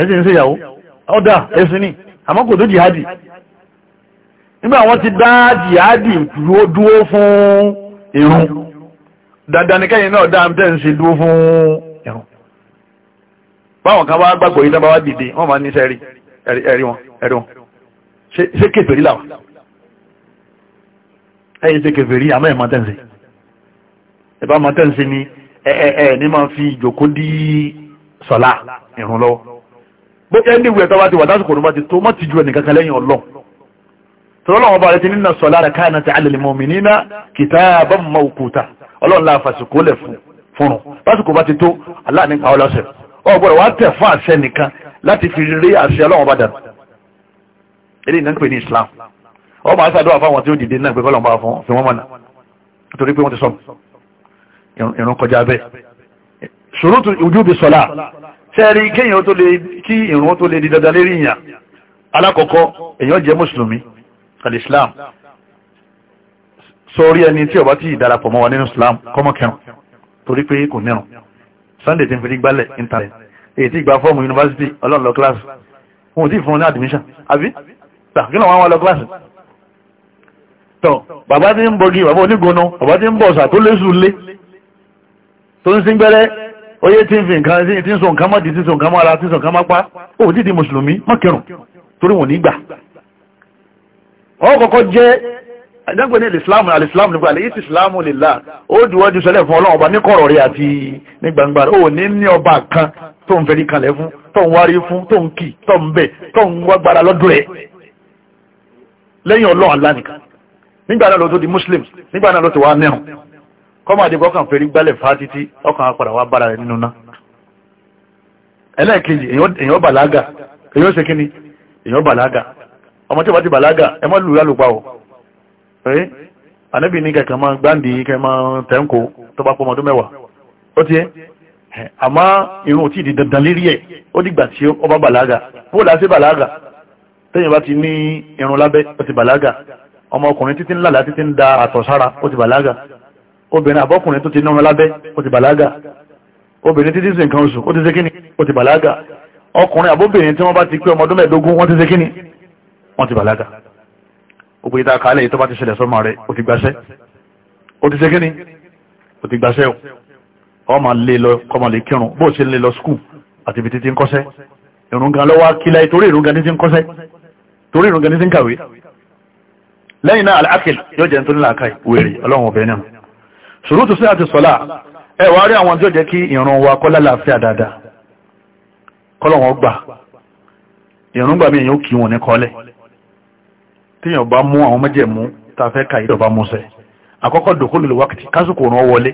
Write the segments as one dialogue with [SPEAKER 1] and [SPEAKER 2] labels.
[SPEAKER 1] ẹ̀sìn ń ṣèyàwó ọ̀dà ẹ̀sìn ni àmọ́ kò tó jihadi nígbà wọ́n ti dá jihadi dúró fún irun dandan ní kẹ́yìn náà dáa tẹ́ ń ṣe dúró fún irun báwọn kan bá gbàgbọ́ yìí tábà wá dìde wọ́n máa ní sẹ́rí ẹ̀rí wọn ẹ̀rí wọn ṣé kèfèrí làwọn ẹ̀yìn ṣe kèfèrí àmọ́ ẹ̀ máa tẹ́ ń ṣe ẹ̀ máa tẹ́ ń ṣe ni ẹ̀ ẹ̀ ní máa fi ìjòkó dí sọ̀lá irun lọ́wọ́ bó ẹni ìwé ẹ̀tọ́ bá ti wà lásìkò ọdún bá ti tó má ti ju ẹnìkankan lẹ́yìn ọlọ́ tọ́lọ́wọ́n bá rẹ̀ ti nínà sọ lára káyà náà ti alẹ́ lèmọ́ mi nínà kitaban mawquta ọlọ́run láà fàṣìkò lẹ̀ fúnrun lásìkò bá ti tó Allah ní káwọ́ lọ́sẹ̀ ọ gbọ́dọ̀ wá tẹ̀ fún àṣẹ nìkan láti fi rí àṣẹ ọlọ́run bá dànù eré ìnáwó pè ní Islam ọ máa ṣàdúrà fáwọn tí ó dìde náà pé kọ́lọ́n bá fún fi wọ́n mọ̀nà nítorí pé wọ́n ti sọ ìrún kọjá sẹ́rí kéèyàn tó lè kí ìrun tó lè di dandan lérí ìyàn alákọ̀ọ́kọ́ èyàn jẹ́ mùsùlùmí alìsílám sórí ẹni tí ó bá ti mọ́ wa nínú islam kọ́mọ̀kẹrùn torí pé kò nírun sunday ti ń fi gbálẹ̀ internet èyí tí gba fọ́ọ̀mù yunifásitì ọlọ́ọ̀lọ́ kíláàsì admission àbí kí lọ́wọ́ wọn lọ kíláàsì tọ́ bàbá tí ń bọ́gi bàbá onígunnu bàbá tí oyé tí ń fi nǹkan sí tí ń so nǹkan mọ́dí tí ń so nǹkan mọ́ ara tí ń so nǹkan mápá ó dídí mùsùlùmí mọ́kẹrùn torí wọn nígbà ọkọ̀kọ́ jẹ́ ẹ̀dẹ́gbẹ̀ ní islam alìsílámù nígbà àlèyí islam lè là ó diwọ́jú sẹ́lẹ̀ fún ọlọ́run ọba ní kọ̀rọ̀ rẹ̀ àti ní gbangba ó ní ní ọba kan tó ń fẹ́rí kalẹ̀ fún tó ń wárí fún tó ń kì tó ń bẹ̀ tó ń wágbára lọ́dún rẹ̀ lẹ́yìn ọlọ́run alánìkan nígbà náà ló tó di muslim nígbà náà ló ti wá nẹ́hùn kọ́mọ̀ àdìgbọ́ kan fèrí gbálẹ̀ fà títí ọkàn apàdà wá bára rẹ̀ nínú náà ẹlẹ́ẹ̀kejì èyàn bàlágà èyàn ṣe kíni èyàn bàlágà ọmọ tí wọ́n ti bàlágà ẹ mọ́ lùú lálùpá o ẹ́ ànábì ní kẹ̀kẹ́ máa gbáǹdì kẹ́ máa tẹ́ǹkó tó bá pọmọdún mẹ́wàá ó ti ẹ́ àmọ́ irun tí ìdí dandan obìnrin àbọ́kùnrin tó ti náà lábẹ́ ó ti bàlágà obìnrin títí sí nǹkan oṣù ó ti ṣe kíni ó ti bàlágà ọkùnrin àbóbìnrin tí wọ́n bá ti pé ọmọ ọdún mẹ́ẹ̀ẹ́dógún wọ́n ti ṣe kíni wọ́n ti bàlágà òpè ìta kálẹ̀ tó bá ti ṣẹlẹ̀ sọ́mọ rẹ̀ ó ti gbaṣẹ́ ó ti ṣe kíni ó ti gbaṣẹ́ o ọmọ lè lọ kọmọ lè kírun bó ṣe lè lọ skul àti ibi títí ń kọ́ṣẹ́ ìrùngan lọ́wọ́ akílẹ̀ torí ìrùngan títí ń kọ́ṣẹ́ torí ìrùngan títí ń kàwé lẹ́yìn náà náà ṣòrótù sí àti sọ́lá ẹ wá rí àwọn tí ó jẹ́ kí ìrun wa kọ́ lálàáfíà dáadáa kọ́lọ̀wọ́n gbà ìrun gbà mí èyàn ó kí wọn ní kọ́lẹ̀ tíyàn bá mú àwọn mẹ́jẹ̀mú tàfẹ́ ka ìdọ̀bá múṣẹ àkọ́kọ́ dòkólù lè wákìtì kásìkò rán wọlé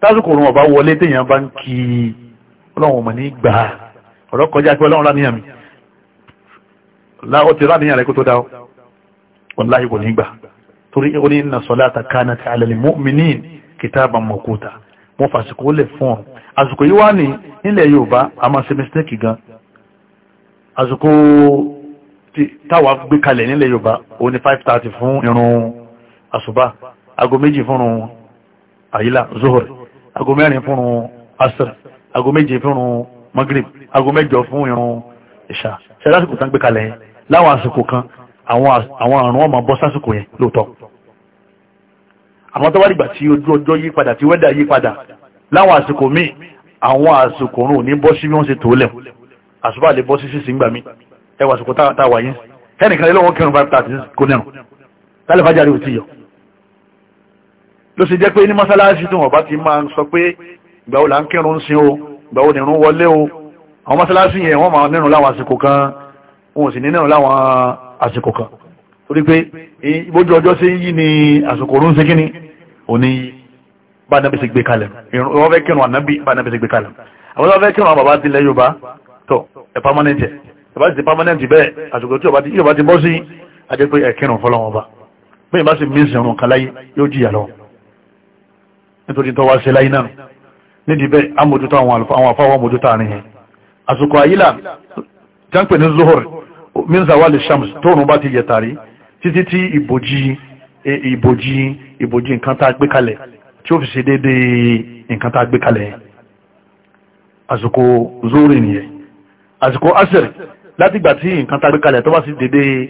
[SPEAKER 1] tásìkò rán ọba wọlé tíyàn bá ń kí ọlọ́run mọ̀ ní gbà ọ̀rọ̀ kọjá pé ọlọ́run láníyàn torí ó ní inna salata kanat ala al kìtàbà mọ̀kúta wọ́n fàṣìkò lè fún ọ àsìkò yìí wá ní nílẹ̀ Yorùbá a máa ṣe mistake gan àsìkò táwa gbé kalẹ̀ nílẹ̀ Yorùbá ó ní 5:30 fún irun àṣùbá aago méjì fúnrun àyílà zohor aago mẹ́rin fúnrun asr aago méje fúnrun magrib aago mẹ́jọ fún irun ìṣà ṣe lásìkò tán gbé kalẹ̀ yẹn láwọn àsìkò kan àwọn àrùn ọmọ bọ́ sásìkò yẹn lóòótọ́ àwọn tó bá dìgbà tí ojú ọjọ́ yí padà tí wẹ́dà yí padà láwọn àsìkò míì àwọn àsìkò rùn ní bọ́ sí bí wọ́n ṣe tó lẹ̀ àṣùbà lè bọ́ sí sí síngbà mi ẹwà àsìkò tá wà yín ẹnìkan lé lọ́wọ́ kẹrin five thirty kò nẹ̀rùn lálẹ́ fàájà rí òtí yọ ló ṣe jẹ́ pé ní mọ́sálásí tó wọ́n bá ti máa sọ pé ìgbà wo là ń kírun sin o ìgbà wo nìrun wọlé o àwọn mọ́sálásí yẹn wọ́n máa nírun láwọn àsìkò kan wọn ò sì ní nírun láwọn àsìkò kan torí pé ìbójú ọjọ́ sí yí ni àsìkò orún sí kíní òní bá nàbí sí gbé kalẹ̀ wọ́n fẹ́ kírun ànábì bá nàbí sí gbé kalẹ̀ àwọn tó fẹ́ kírun àwọn bàbá tilẹ̀ Yorùbá tó ẹ̀ pámánẹ́ntì ẹ̀bá ti pámánẹ́ntì bẹ́ẹ̀ àsìkò tí Yorùbá ti bọ́ sí ajẹ́ pé ẹ̀kírun fọlọ́wọ́n bá bẹ́ẹ̀ bá sì mí sí ọ̀run kaláyé yóò jìyà lọ nítorí tó wá sí láyé náà nídìí bẹ́ẹ̀ amójútó àwọn afáwọn amójútó àárín yẹn àsìkò àyílà jáǹpẹ̀ ní zuhur min zawali shams tóòrùn bá ti yẹ tàrí títí tí ìbòjì e, ìbòjì ìbòjì nǹkan tá a gbé kalẹ̀ tí ó fi ṣe déédéé nǹkan tá a gbé kalẹ̀ àsìkò zóòrè nìyẹn àsìkò asẹ̀rì láti ìgbà tí nǹkan tá a gbé kalẹ̀ tó bá sì déédéé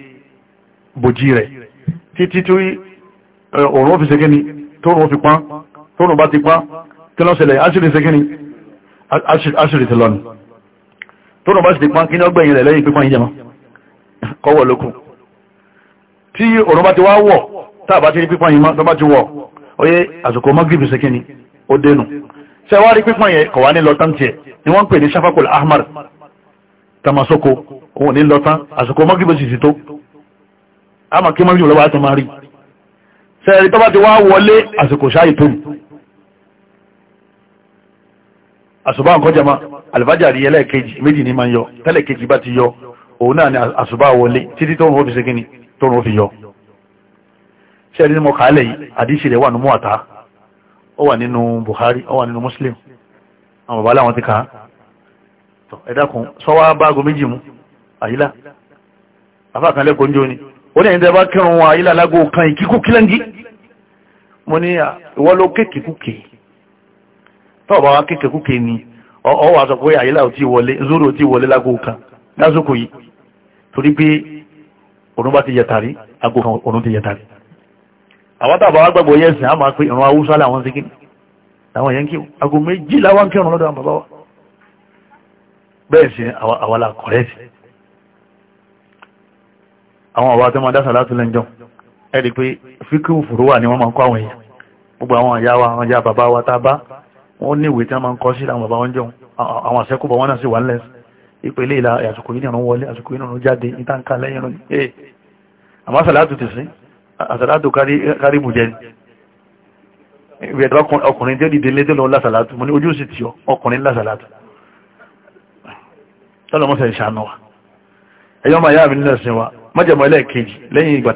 [SPEAKER 1] bòjì rẹ̀ títí tí e, òòrùn fi ṣe kíni tó òòrùn fi pán tó òòrùn bá ti pán kí ló ṣẹlẹ̀ asìrì ṣe kíni ti lọ ni tó òòrùn bá ti pán kí ni ọgbẹ̀yìn rẹ̀ lẹ́yìn pípán yìí mọ́ kọ́wọ́ lókun tí òrùn bá ti wá wọ̀ tàbá ti rí pípọ́n yìí tó bá ti wọ̀ oyé àsìkò magrib sí kíni ó dénú ṣe wá rí pípọ́n yẹn kọ̀wá ní lọ́tán tiẹ̀ ni wọ́n pè ní shafakul ahmar tamasoko òun ní lọ́tán àsìkò magrib sì sí tó àmà kí magrib lọ́wọ́ àti máa rí ṣe rí tó bá ti wá wọlé àsìkò ṣáyì tó àsùbá nǹkan jama alìbájà rí ẹlẹ́ẹ̀kejì tó rún fi yọ ṣẹ́rí ní mo kà á lẹ̀ yìí àdíṣì rẹ̀ wà nínú Muwatta ó wà nínú Bukhari ó wà nínú Muslim àwọn bàbá láwọn ti kà á ẹ dákun sọ́wọ́ báago méjì mú àyílá afákan lẹ́kọ̀ọ́ ní òní ó ní ẹ̀yìn tẹ́ bá kírun wọn àyílá lágò kan ìkíkú kílẹ́ngí mo ní ìwọ́ ló kéèkéèkúkè tọ́ọ̀bá wa kéèkéèkúkè ni ọ wà sọ pé àyílá ò tí wọlé zoro ò tí wọlé lágò kan lásìkò yìí torí pé òun bá ti yẹ tàrí ago kan òun ti yẹ tàrí àwọn tàbá wá gbàgbọ́ yẹ ẹ̀sìn á máa pé ìran haúsá làwọn sí kíni làwọn yẹn ń kírun ago méjì làwọn kírun lọ́dọ̀ àwọn bàbá wa bẹ́ẹ̀ sí àwa la kọ̀rẹ́ẹ̀tì àwọn àwa tó máa dásà láti lẹ́njọ́ ẹ̀ rí pé fíkú fòró wà ní wọ́n máa ń kọ́ àwọn èèyàn gbogbo àwọn ìyá wa àwọn ìyá bàbá wa tá a bá wọ́n ní ìwé tí wọ́n máa ń kọ́ sí ìpele ìlà àsìkò yìí nìrún wọlé àsìkò yìí nìrún jáde ìtànkà lẹ́yìn rún ee eh. àmọ́ àsàlátù ti sí àsàlátù kárí bùjẹ́ ìbẹ̀tọ́ ọkùnrin tí ó dìde lédè lọ lásàlátù mo ní ojú sì tí ọkùnrin lásàlátù tọ́lọmọ́sẹ̀ ìṣànà wa ẹ̀yọ́ máa yára mi nílẹ̀ sí wa májẹ̀mọ́ ẹlẹ́ẹ̀kejì lẹ́yìn ìgbà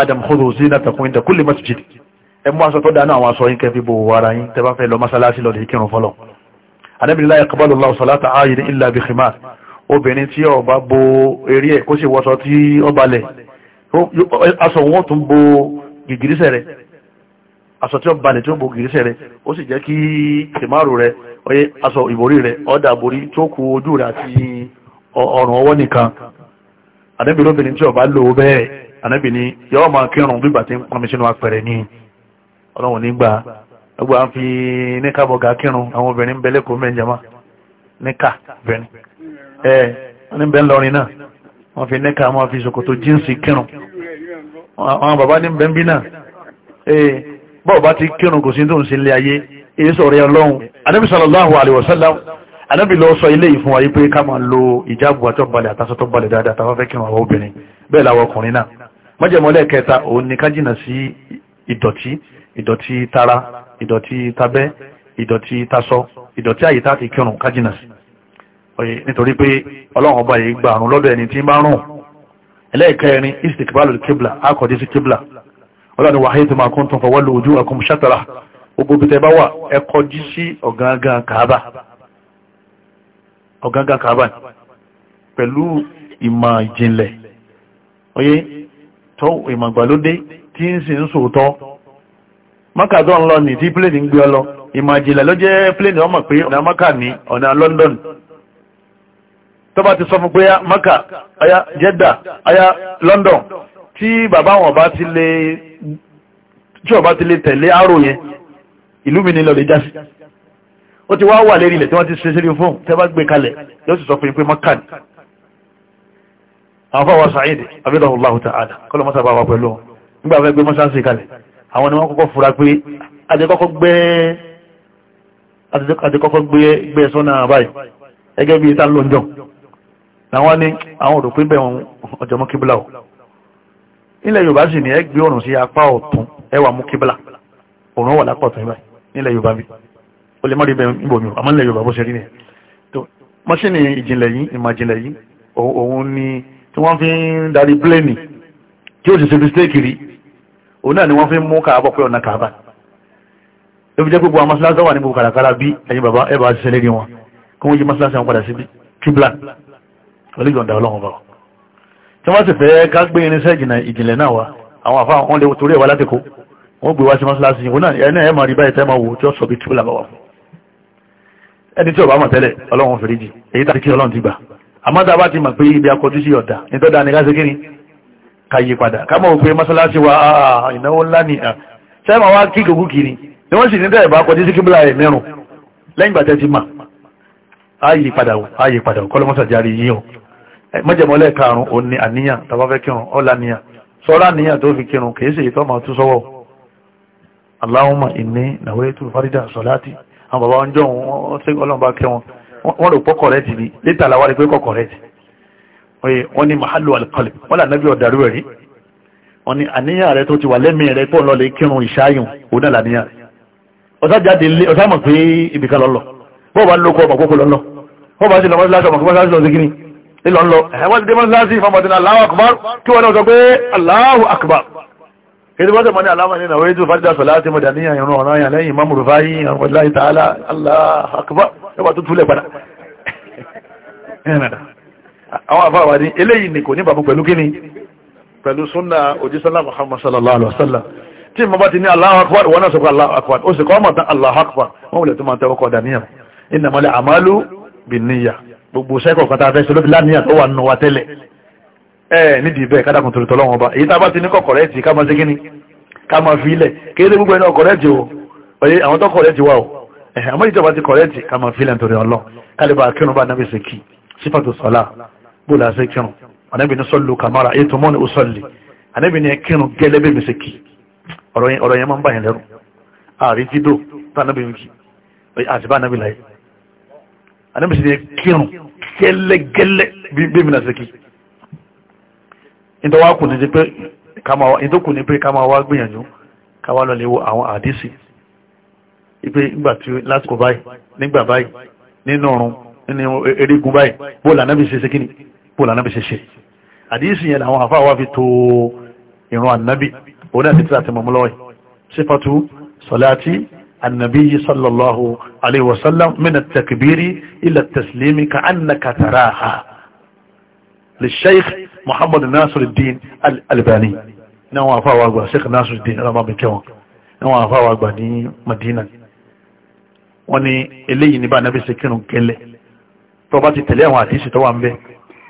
[SPEAKER 1] adam khudhu zinatakum inda kulli masjid ẹ mú aṣọ tó dáná àwọn aṣọ yín kẹfí bó òhò anábìlá ẹ̀kọ́bọ́lù lọ́wọ́ sọ̀látà ayé ní ilà bí khimar obìnrin tí ó bá bo eré ẹ̀ kó sì wọ́sọ tí ó balẹ̀ aṣọ wọn tún bo gìgìrísẹ̀ rẹ̀ aṣọ tí ó balẹ̀ tí ó bo gìgìrísẹ̀ rẹ̀ ó sì jẹ́ kí khimaru rẹ̀ oye aṣọ ìborí rẹ̀ ọ̀dà borí tó ku ojú rẹ̀ àti ọ̀rùn ọwọ́ nìkan anábìlá obìnrin tí ó gbogbo à ń fi níkà bọ̀gà kírun àwọn obìnrin ń bẹ lẹ́kọ̀ọ́ mẹ́jẹ̀má níkà bẹ̀rẹ̀ ẹ̀ wọ́n ní bẹ́ ńlọrin náà wọ́n fi níkà wọ́n fi ṣòkòtò jíǹsì kírun àwọn bàbá ní bẹ́ ń bí náà ẹ̀ bọ́ọ̀ bá ti kírun kò sí tó ń ṣe ilé ayé èyí sọ̀rọ̀ yẹn lọ́hùn anábì ìdọ̀tí tara ìdọ̀tí tabẹ́ ìdọ̀tí tasọ ìdọ̀tí àyíká ti kírun kájínà sí nítorí pé ọlọ́run ọba yìí gba àrùn lọ́dọ̀ ẹni tí ń bá rùn ẹlẹ́ẹ̀kẹrin istikbalu kibla akọ̀dé sí kibla ọlọ́run wa haythu ma kuntum fawallu wujuhakum shatara gbogbo bí tẹ bá wà ẹ kọjú sí ọ̀gángan kàábà ọ̀gángan kàábà pẹ̀lú ìmọ̀ ìjìnlẹ̀ oyé tó ìmọ̀ ìgbàlódé tí ń sì ń sòótọ́ maka tó ń lọ ní tí pléènì ń gbé ọ lọ ìmọ̀ ìjìnlẹ̀ ló jẹ́ pléènì ọmọ pé ọ̀nà maka ní ọ̀nà London tó bá ti sọ fún pé maka aya Jeddah aya London tí bàbá wọn bá ti lè tí ọba ti lè tẹ̀lé àrò yẹn ìlú mi ní lọ lè já sí ó ti wá wà lérí ilẹ̀ tí wọ́n ti ṣe sírí fóun tẹ́ bá gbé kalẹ̀ yóò sì sọ fún yín pé maka ní àwọn fáwọn Sa'id abidahullahu ta'ala kọ́lọ́ mọ́sàbá wa pẹ̀lú nígbà fẹ́ gbé mọ́sàásì kalẹ̀ àwọn ni wọ́n kọ́kọ́ fura pé adẹ́kọ́kọ́ gbé ẹ̀sọ́ náà báyìí ẹgẹ́ bí ìta lọ́njọ́ àwọn ni àwọn òdò pín bẹ̀wọ̀n ọjọ́ mú kíbílà ò nílẹ̀ Yorùbá sì ní ẹgbẹ́ ọ̀rùn sí apá ọ̀tún ẹwà mú kíbílà òrùn wà lápá ọ̀tún ibà nílẹ̀ Yorùbá bí o lè má rí bẹ̀ ìbòmí àmọ́ nílẹ̀ Yorùbá bó ṣe rí ni mọ́ṣínì ìjìnlẹ̀ yìí ìmọ̀jìnlẹ̀ yìí òun ni tí wọ́n fi ń darí pléènì tí ó sì ṣe fi stéèkì rí òun náà ni wọ́n fi mú kàábọ̀ pé ọ̀nà kàábà ló fi jẹ́ gbogbo àwọn masalasa wà ní gbogbo kàràkàrà bí ẹ̀yin bàbá ẹ̀bà ṣiṣẹ́ lérí wọn kí wọ́n yí masalasa wọn padà síbi kíbla pẹ̀lú ìyọ̀ǹda ọlọ́run bá tí wọ́n sì fẹ́ ká gbé irinṣẹ́ ìjìnlẹ̀ náà wá àwọn àfa wọn lè torí ẹ̀wà láti kó wọ́n gbé wá sí masalasa yìí náà ẹ̀ ọlọ́run fèrèjì káyí padà kámọ̀ òpé mọ́sálásí wa ah, ah, ah, ìnáwó ńlá ní à sẹ́mà wá kí gbogbo kiri ni wọ́n sì ní tẹ́ẹ̀ bá kọjú sí kíbílà ẹ̀ mẹ́rùn lẹ́yìn gbàtẹ́ ti mà áyí padà wò áyí padà wò kọ́lọ́mọ́sà járe yí o mọ́jẹ̀mọ́lẹ̀ karùn-ún ò ní àníyàn tàbá fẹ́ kírun ọ̀la níyàn sọ́ra níyàn tó fi kírun kìí sì tọ́ máa tú sọ́wọ́ Allahumma inni nawaitu farida salati àwọn bàbá wọn jọ wọn ṣe ọlọ́run bá kẹ́ wọn wọn rò pọ́ kọ̀rẹ́tì ni létà làwọn rí pé kọ̀ kọ̀rẹ́tì oye wọ́n ní mahalu alikọlẹ̀ wọ́n lànàbí ọ̀dàrú ẹ̀rí wọ́n ní àníyàn rẹ̀ tó ti wà lẹ́mí rẹ̀ pọ̀ lọ́lẹ̀ kírun ìṣáyùn òun náà làníyàn ọ̀sájáde lé ọ̀sámọ̀ pé ibìkan lọ́lọ́ bọ́ọ̀ bá ń lókọ́ ọmọ kókó lọ́lọ́ bọ́ọ̀ bá ń lọ mọ́síláṣí ọmọ kókó mọ́síláṣí lọ sí kíní ilọ̀ ńlọ ẹ̀wọ́n ti dé mọ́síláṣí ìfọmọ̀tì náà Allahu akbar kí wọ́n náà sọ pé Allahu akbar kìí bọ́sẹ̀ àwọn àfáwà ní eléyìí ni kò ní bàbú pẹ̀lú kíni pẹ̀lú súnà òjísọ́lá Muhammad sallallahu alaihi wasallam tí mo bá ti ní Allahu akbar wọn náà sọ pé Allahu akbar ó sì kọ́ mọ̀ tán Allahu akbar wọn wùlẹ̀ tó máa tẹ́wọ́ kọ́ dàníyàn innamal a'malu binniyah gbogbo sẹ́kọ̀ kọ́ta fẹ́ sọlọ́bí láníyàn tó wà nínú wa tẹ́lẹ̀ ẹ nídìí bẹ́ẹ̀ kádàkùn torí tọ́lọ́wọ́n ọba èyí bó la ṣe kírun ànábì ní sọ́lù kàmárà ètò mọ́ni ó sọ́lì ànábì ní kírun gẹ́lẹ́ bẹ́ẹ̀ mẹ́sẹ̀ kì ọ̀rọ̀ yẹn máa ń bá yẹn lẹ́rù ààrí dídò tá ànábì ń kì àti bá ànábì láyé ànábì sì ní kírun gẹ́lẹ́gẹ́lẹ́ bẹ́ẹ̀ mi làṣẹ kì ìtọ́wá kù ní pé ká máa wá gbìyànjú ká wá lọ lè wo àwọn àdísì ipe nígbà báyìí nínú ọ̀run nínú erigun báyìí bóòlù ànábì ṣe ṣe kíni bóòlù anábì ṣe ṣe àdíyèsí yẹn àwọn àfáà wá fi tó ìrun ànábì òun àti tíra ti mọ̀mú lọ́wọ́ sífàtú sọláàtì ànábì sallallahu alayhi wa sallam mina takibiri ila taslimi ka annaka taraha lè sheikh muhammad nasiruddin albani ní àwọn àfáà wá gbà sheikh nasiruddin alamami kẹwọn ní àwọn àfáà wá gbà ní madina wọ́n ní eléyìí ní bá ànábì ṣe kírun kẹlẹ̀ tó bá ti tẹ̀lé àwọn àdíyèsí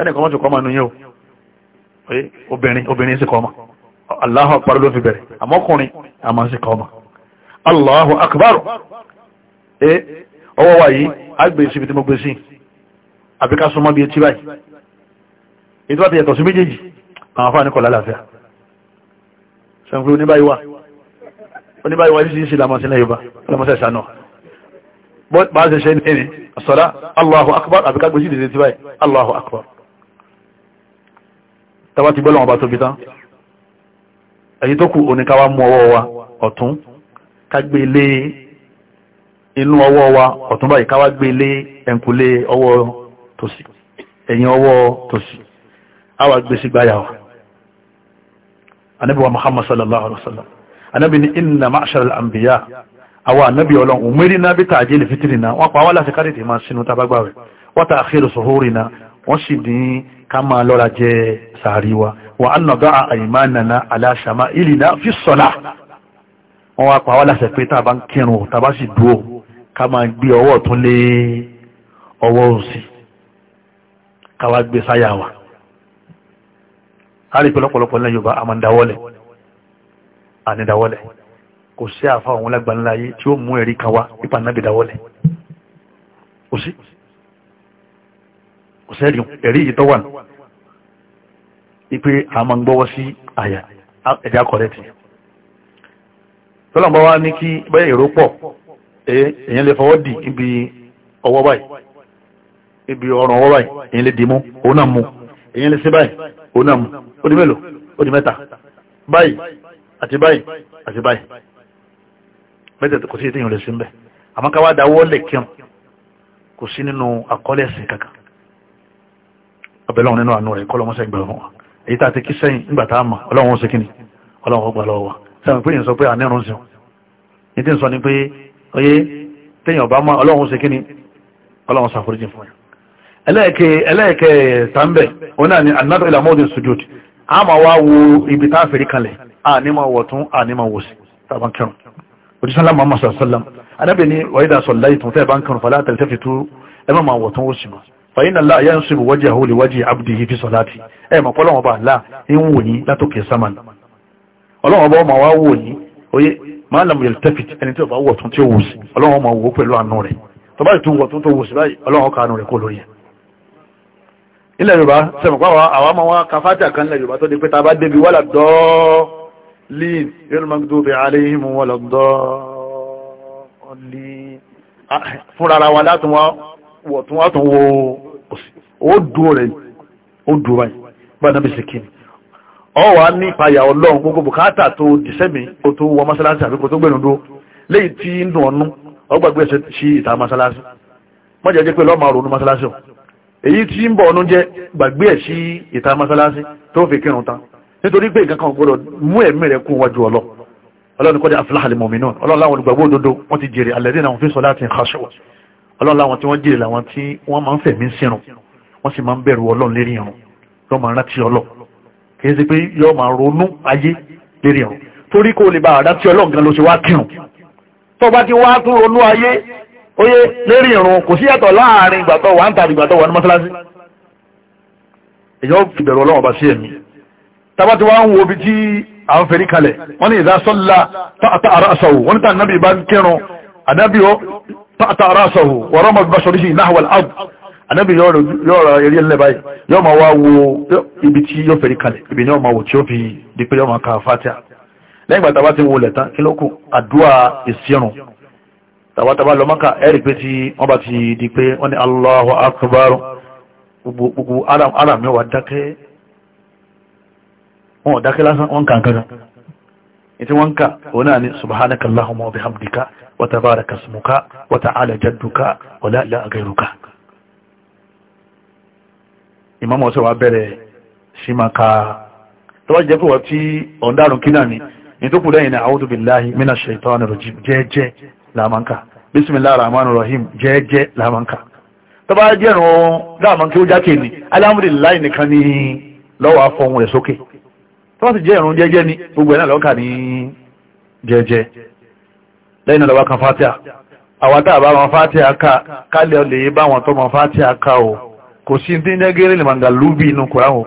[SPEAKER 1] ẹni kan mọ́ ti kọ́ ma nu yẹ́ o obìnrin obìnrin sí kọ́ ma Allahu akbar ló fi bẹ̀rẹ̀ àmọ́kùnrin àmọ́ sí kọ́ ma Allahu akbar ẹ ọwọ́ wa yìí agbè síbi tí mo gbé sí àbí ká súnmọ́ bí etí báyìí ètò àti yàtọ̀ sí méjèèjì àwọn afáà ní kọ̀ lálàáfíà sẹ́nkú oníbáyìí Allahu akbar àbí ká gbé sí ìdíje tí báyìí Allahu akbar tàbá ti gbọ́lọ́wọ́ bá tóbi tán èyí tó kù oníkáwá mú ọwọ́ wa ọ̀tún ká gbé lé inú ọwọ́ wa ọ̀tún báyìí káwá gbé lé ẹ̀ǹkùlé ọwọ́ tòsì ẹ̀yìn ọwọ́ tòsì àwa gbé sí gbáyà wa muhammad sallallahu alaihi wasallam anábí ni inna ma'ashar al-anbiya àwa anábí ọlọ́run mẹ́rin náà bí tààjẹ́ lè fitirina wọ́n pa wá láti kárìtì máa ta àkírù sọ̀hórìna wọ́n sì ní ká máa lọ́ra jẹ sàárì wa wà á nàbá àìmánana aláṣàmá ìlìlá fi sọ́lá wọ́n wá pa wá láṣẹ pé tá a bá ń kírun tá a bá sì dúró ká máa gbé ọwọ́ tún lé ọwọ́ òsì ká wá gbé sáyà wa a rí pé lọ́pọ̀lọpọ̀ ní Yorùbá a máa dáwọ́lẹ̀ a kò sí àfa òun tí ó mú ẹ̀rí kan wá dáwọ́lẹ̀ kò kò sẹ́rìun ẹ̀rí yìí tọ́wà ipe a máa ń gbọ́wọ́ sí àyà ẹ̀dá kọ̀rẹ́tì tọ́lọ̀mọ́ wá ní kí bẹ́ẹ̀ èrò pọ̀ èyàn lè fọwọ́ dì ibi ọwọ́ báyìí ibi ọrùn ọwọ́ báyìí èyàn lè dìímú òun náà mú èyàn lè sí báyìí òun náà mú ó di mélòó ó di mẹ́ta báyìí àti báyìí àti báyìí mẹ́tẹ̀ẹ̀tẹ̀ kò sí ètò èyàn lè sí ń bẹ̀ àmọ́ ká wá dáwọ́ lẹ̀ kíọ̀n kò sí nínú àkọọ́lẹ̀ ẹ̀sìn kankan ọbẹ̀lọ́run nínú àánú rẹ̀ kọ́lọ́mọ́sẹ̀ gbà fún wa èyí tá a ti kí sẹ́yìn nígbà tá a mọ̀ ọlọ́run ó ṣe kíni ọlọ́run ó gbà lọ́wọ́ wa sẹ́yìn pé èyàn sọ sí ní tí ń sọ ni pé oyé téèyàn bá mọ̀ ọlọ́run ó ṣe kíni ọlọ́run ṣàforíjì fún yàn ẹlẹ́ẹ̀kẹ́ ẹlẹ́ẹ̀kẹ́ tàǹbẹ̀ òun náà ni anadu ilamodi sujud a máa wá wo ibi tá a fèrè kalẹ̀ ó sì máa fàyín náà láàyà ń sèbò wájú àhólè wájú abdi yìí fi sọ láti ẹ mọ̀ pé ọlọ́wọ́n bá là ń wò ní látòkè sáman ọlọ́wọ́n bá ọmọ wa wò ní oyé máa làmù yẹlẹ tẹ́fìt ẹni tí ó bá wọ̀ tún tí ó wù sí ọlọ́wọ́n máa wò ó pẹ̀lú àánú rẹ̀ tó bá tún wọ̀ tún tó wù sí báyìí ọlọ́wọ́n kàánú wọ̀ tún wá tún wo ó dúró rẹ̀ ó dúró báyìí báyìí náà bí ṣe kíni ọ wà ní ìpayà ọlọ́run gbogbo bùkátà tó dìsẹ́mi kó tó wọ mọ́sálásí àbí kó tó gbẹ̀rún dúró léyìí tí ń dùn ọ̀nú ọgbàgbé ẹ̀ṣẹ̀ sí ìta mọ́sálásí mọ́jà jẹ́ pé lọ́ọ́ máa ronú mọ́sálásí o èyí tí ń bọ̀ ọ̀nú jẹ́ gbàgbé ẹ̀ sí ìta mọ́sálásí tó fi kírun tán nítorí pé nǹkan kan gbọ́dọ̀ mú ẹ̀mí rẹ̀ kún wájú ọlọ́ ọlọ́run kọ́dẹ̀ aflahal mu'minun ọlọ́run láwọn olùgbàgbọ́ òdodo wọ́n ti jèrè alladhina hum fi salatin khashu'un ọlọ́run láwọn tí wọ́n jèrè làwọn tí wọ́n máa ń fẹ̀mí sírun wọ́n sì máa ń bẹ̀rù ọlọ́run lérí irun yóò máa rántí ọlọ́ kìí ṣe pé yóò máa ronú ayé lérí irun torí kó lè bá àdá tí ọlọ́run gan ló ṣe wá kírun tó bá ti wá tún ronú ayé oyé lérí irun kò sí yàtọ̀ láàrin ìgbà tó wà ń tàbí ìgbà tó wà ní mọ́sálásí èyí fi bẹ̀rù ọlọ́run ọba sí ẹ̀mí tábà tí wọ́n ń wo ibi tí à fẹ̀rí kalẹ̀ wọ́n ní ìdásọ́lá tá àrà àṣàwò wọ́n ní tàn tààtà aráṣọ̀hù wọ̀rọ̀mọ̀ bíbáṣọ̀rí sí ìnáhùwà al'adu anábì yọ́ra eré ẹlẹ́ báyìí yọ́ ma wá wo ibi tí yóò fẹ̀rí kalẹ̀ ibi ni yọ́ ma wò tí ó fi di pé yọ́ ma ka fatia lẹ́yìn gbà tàbá ti wo lẹ̀tán kí ló kù àdúrà ìsirun tàbá tàbá lọ mọ́ka ẹ̀rì pé tí wọ́n ìtí wọ́n ká wọ́n náà ni subhanaka allahumma wa bihamdika wa tabaraka ismuka wa ta'ala jadduka wa la ilaha ghayruka imam ọ̀sẹ̀ wa bẹ̀rẹ̀ sí ma ka tọ́wọ́ jẹ́ fún wa tí ọ̀ndarùn kí náà ni ìtòkù lẹ́yìn náà a'udhu billahi minash shaitanir rajim jẹ́ẹ́jẹ́ làmánká bismillahir rahmanir rahim jẹ́ẹ́jẹ́ làmánká tọ́ba jẹ́rùn-ún láàmánká ó jákè ni alhamdulillahi nìkan ni lọ́wọ́ afọ́ ohun rẹ̀ sókè tó bá sì jẹ́ ìrun jẹ́jẹ́ ni gbogbo ẹ̀ náà lọ́kà ní jẹ́jẹ́ lẹ́yìn náà lọ́wọ́ kan fátíà àwádà àbá wọn fátíà ká kálẹ̀ lè bá wọn tó wọn fátíà ká o kò sí tí ń jẹ́ gẹ́rẹ́ lè màǹgà lúbì inú kùráhùn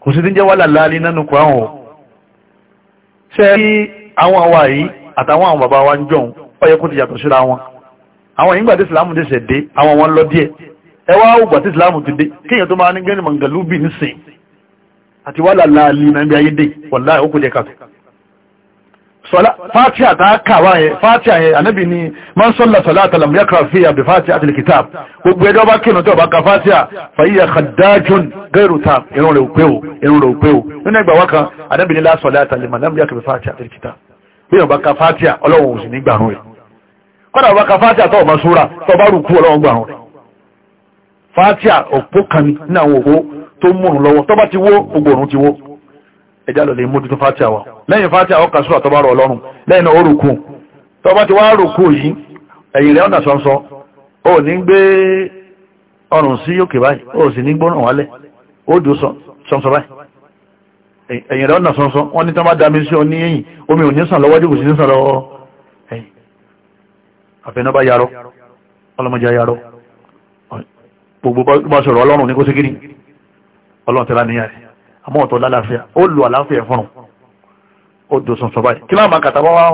[SPEAKER 1] kò sí tí ń jẹ́ wàlà láàrin nínú kùráhùn ṣe rí àwọn àwa yìí àtàwọn àwọn bàbá wa ń jọun ó yẹ kó ti yàtọ̀ síra wọn àwọn ìgbà tí ìsìlámù ti ṣẹ̀ àwọn wọn lọ díẹ̀ ẹ ó gbà tí ti dé kéèyàn tó máa ní gẹ́rẹ́ màǹgà lúbì àti wà láàlì náà bí ayé dé wàláhì ó kò jẹ kàtù fatiha ta kàwà yẹ fatiha yẹ anábì ni man sọ́lá sọ́láta lam yaqra fiha bi fatiha àti kitab gbogbo ẹjọ́ bá kínú tí ọba ka fatiha fàyíyà kàdájún gẹ́rù ta irun rẹ̀ òpéwò irun rẹ̀ òpéwò nínú ẹgbà wákan anábì ni la sọ́láta liman lam yaqra bi fatiha àti kitab bí ọba ka tó múrùn lọ́wọ́ tó bá ti wó gbogbo òrùn ti wó ẹjá lọ lè mójútó fátíà wa lẹ́yìn fátíà ọkà sùúrà tó bá rọ ọlọ́run lẹ́yìn náà ó rùkú tó bá ti wá rùkú yìí ẹ̀yìn rẹ̀ ọ̀nà sọ́nsọ́ ó ní gbé ọrùn sí òkè báyìí ó sì ní gbóná wálẹ̀ ó dùn sọ́nsọ́ báyìí ẹ̀yìn gbogbo bá sọ̀rọ̀ ọlọ́run ní kó sí kiri ọlọ́run tẹ́lá níyà rẹ̀ àmọ́ ọ̀tọ̀ lálàáfíà ó lù àlàáfíà fọ́rùn ó dò sùn sọ̀báyì kí láàmà kàtàbọ̀ wá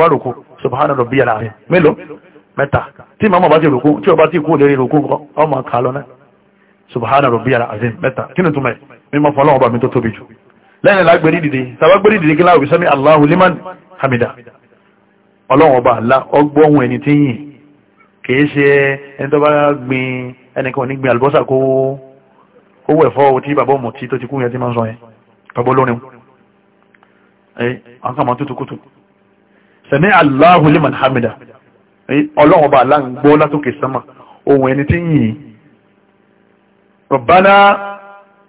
[SPEAKER 1] wá rùkú subhana rabbi alaahim mélòó mẹ́ta tí màmá bá ti rùkú tí ọba ti kú lérí rùkú ọmọ kà lọ náà subhana rabbi alaahim mẹ́ta kí ni túmọ̀ mímọ́ fọlọ́ ọba mi tó tóbi jù lẹ́yìn lágbèrí dìde tàbá gbèrí dìde kí láwùí sami ọlọ́run ọba àlá ọgbọ́n ẹni tí yìn kì ṣe ẹni tó bá gbin ẹnìkan ní gbin àlùbọ́sà kó owó ẹ̀fọ́ owó tí bàbá ọmọ tí tó ti kú yẹn tí máa ń sọ yẹn bàbá olórin ẹ̀ àkàmà tó tukútù sẹ̀mí Allahu liman hamida ọlọ́run bá aláǹgbọ́ látòkè sánmà ohun ẹni tí yìí Rabbana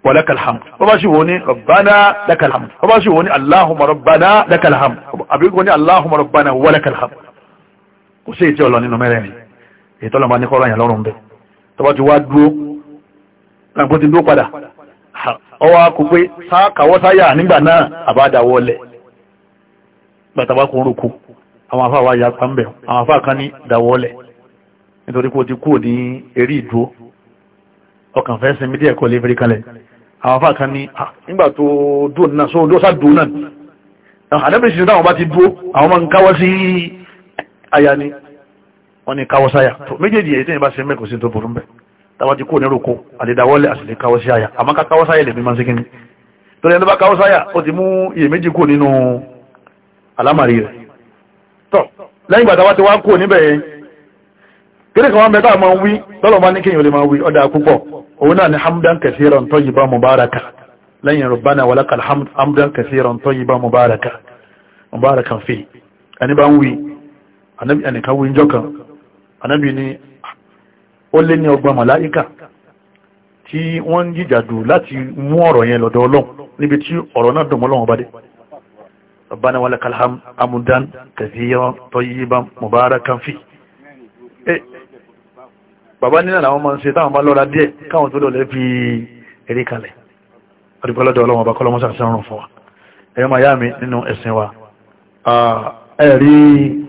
[SPEAKER 1] wa lakal hamd bọ́bá sì wọ́n ní Rabbana lakal hamd bọ́bá sì wọ́n ní Allahumma Rabbana lakal hamd àbíkò ní Allahumma Rabbana wa ẹ̀kọ́ ti dúró padà ọwọ́ akọ pé sáàkàwọ́ sáyà nígbà náà àbádàwọlẹ̀ gbàtàbá kò rúkú àwọn afá wa ya pàmbẹ̀ àwọn afá kan ní dàwọlẹ̀ nítorí kò ti kú ní eré ìdúró ọkàn fẹ́ sinmi díẹ̀ kọ́ léfèrè kalẹ̀ àwọn afá kan ní ah, nígbà tó dùn náà sóhun dóṣà dùn náà tàbá ti kó ní roko àdìdáwọ́lẹ̀ àṣìlẹ̀ káwọ́ sí àyà àmọ́ ká káwọ́ sáyà lèmi máa ń sí kíni torí ẹni bá káwọ́ sáyà ó ti mú iyèméjì kó nínú àlámàrí rẹ̀ tọ́ lẹ́yìn ìgbà tàbá ti wá kó níbẹ̀ yẹn kéré kan wá mẹ́ta máa ń wí tọ́lọ̀ bá ní kéèyàn lè máa wí ọ̀dà púpọ̀ òun náà ni hamdan kathiran tayyiban mubaraka lẹ́yìn rabbana walakal hamd hamdan kathiran tayyiban mubaraka mubarakan fi ẹni bá ń wí ẹnìkan wí ń jọ kan anábì ni ó lé ní ọgbà màláíkà tí wọ́n ń jìjàdù láti mú ọ̀rọ̀ yẹn lọ́dọ̀ ọlọ́run níbi tí ọ̀rọ̀ náà dùn mọ́lọ́run bádé rabbana wa lakal ham amudan kathiran tayyiban mubarakan fi bàbá nínú àwọn ọmọ ṣe táwọn bá lọ́ra díẹ̀ káwọn tó lọ́lẹ́ fi eré kalẹ̀ ọdúnpọ̀lọ́dọ̀ ọlọ́run ọba kọlọmọ́sà sẹ́rùn fún wa ẹ̀yọ́ màá yá mi nínú ẹ̀sìn wa ẹ̀rí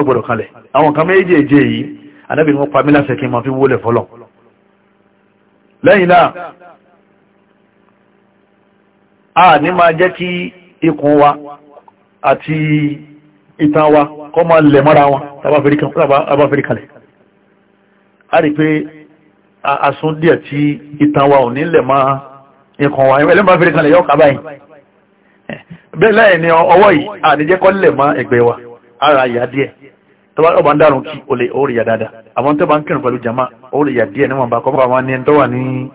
[SPEAKER 1] wọ́n gbọ́dọ̀ kalẹ̀ àwọn kan méjì èjì èyí anábì ni wọ́n pa mí láṣẹ kí n máa fi wólẹ̀ fọlọ̀ lẹ́yìn náà a ní máa jẹ́ kí ikùn wa àti ìtàn wa kọ́ máa lẹ̀ mọ́ra wọn tàbá fẹ́rí kalẹ̀ a rí pé asún díẹ̀ tí ìtàn wa ò ní lẹ̀ máa ikùn wa ẹlẹ́mọ̀ bá fẹ́rí kalẹ̀ yọ bẹ́ẹ̀ lẹ́yìn ni ọwọ́ yìí a ní jẹ́ kọ́ wa ara ìyá díẹ̀ tọ́ba ọba ń dárun kí o lè ó rí ya dáadáa àwọn tọ́ba ń kírun pẹ̀lú jama ó rí ya díẹ̀ níwọ̀nba kọ́ bá wọn ní ẹni tó wà ní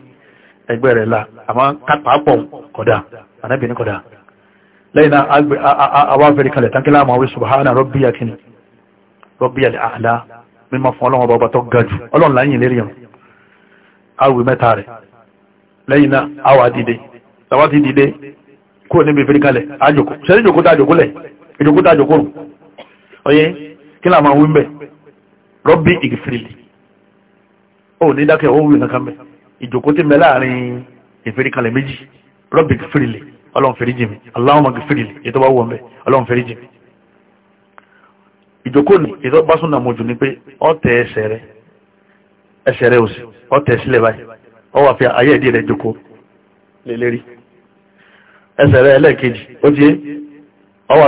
[SPEAKER 1] ẹgbẹ́ rẹ̀ la àwọn kápápọ̀ kódà ànábì ní kódà lẹ́yìn náà àwọn afẹ́rẹ́ kalẹ̀ tánkìlá àwọn awé subahana rọ́bíyà kìíní rọ́bíyà lè àlá mímọ́ fún ọlọ́run ọba tó ga jù ọlọ́run láyìn lérí ẹ̀rùn awì mẹ́ta rẹ̀ lẹ́yìn náà awà dìde n'a ma àwọn wíńbẹ̀ rọ́bì ìgìfìrìlì ó ní dákẹ́ ó wí kankan bẹ̀ ìjòkó tí mẹ́ láàrin ìfẹ́ríkalẹ̀ méjì rọ́bì ìgìfìrìlì ọlọ́run fẹ́rí jìmì aláwọ̀mọ̀ ìgìfìrìlì ètò bá wọ̀ mẹ́ ọlọ́run fẹ́rí ni ètò bá súnà mọ́jú ni pé ó tẹ ẹsẹ̀ rẹ fi aye di rẹ jòkó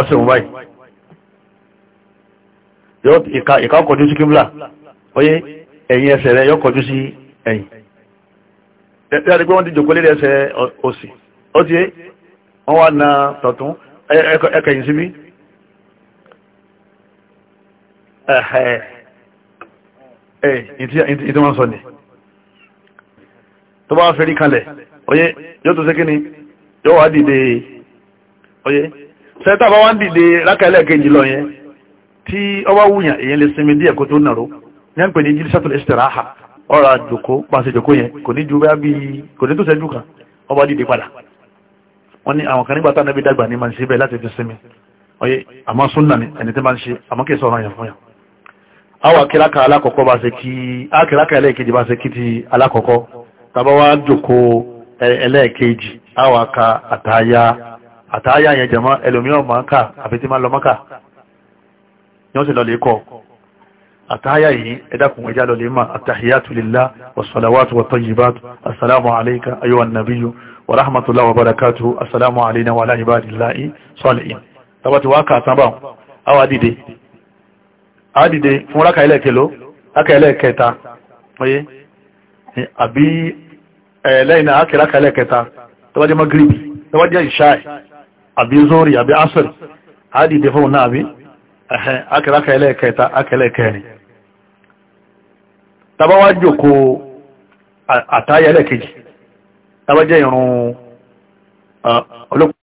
[SPEAKER 1] ti ìka ọkọ̀jú sí kíbùlà oyé ẹ̀yìn ẹsẹ̀ rẹ̀ yọkọ̀jú sí ẹ̀yìn ẹ̀rí pé wọ́n ti jòkó lérí ẹsẹ̀ òsì ó ti wọ́n wá na tọ̀tún ẹkẹ̀yìn síbí ẹ̀ẹ̀ ìtí wọ́n sọ ní tó bá fẹ́rí kalẹ̀ oyé yóò tó sé tí ọwá wùyàn èyàn lè sinmi díẹ̀ kó tó nàró ní ẹ̀pẹ̀ ní jírísàtò ìstìráhà ọ̀rọ̀ àjòkó pàṣẹ jòkó yẹn kò ní ju bá bí kò ní tó ṣẹ́jú kan ọba dìde padà wọ́n ní àwọn kan nígbà tá nàbí dàgbà ní máa ń ṣe bẹ́ẹ̀ láti fi sinmi ọyẹ àmọ́ súnà ni ẹni tí máa ń ṣe àmọ́ kí sọ̀rọ̀ yẹn fún yàn àwọn akíráka alákọ̀ọ́kọ́ bá ṣe kí akíráka ẹlẹ́ẹ̀kejì bá ṣe kí ti alákọ̀ọ́kọ́ tàbá wá jòkó ẹlẹ́ẹ̀kejì àwọn aka àtàyà àtàyà yẹn jẹ̀mọ́ ẹlòmíràn máa ń kà àfi tí máa lọ mọ́kà ni wọ́n sì lọlé kọ́ àtàyà yìí ẹ̀dàkùn ẹjá lọlé máa àtàhíyàtù lillah wasalawatu watayyibatu assalamu alayka ayyuha an-nabiyyu wa rahmatullahi wa barakatuhu assalamu alayna wa ala ibadillahi salihin bá jẹ́ magribi tó bá akẹ́lákẹ́ ẹlẹ́ẹ̀kẹta akẹ́lẹ́kẹrin tàbáwá jòkó àtàyà ẹlẹ́ẹ̀kejì tàbájẹ́ ìrún uh, ọlọ́pàá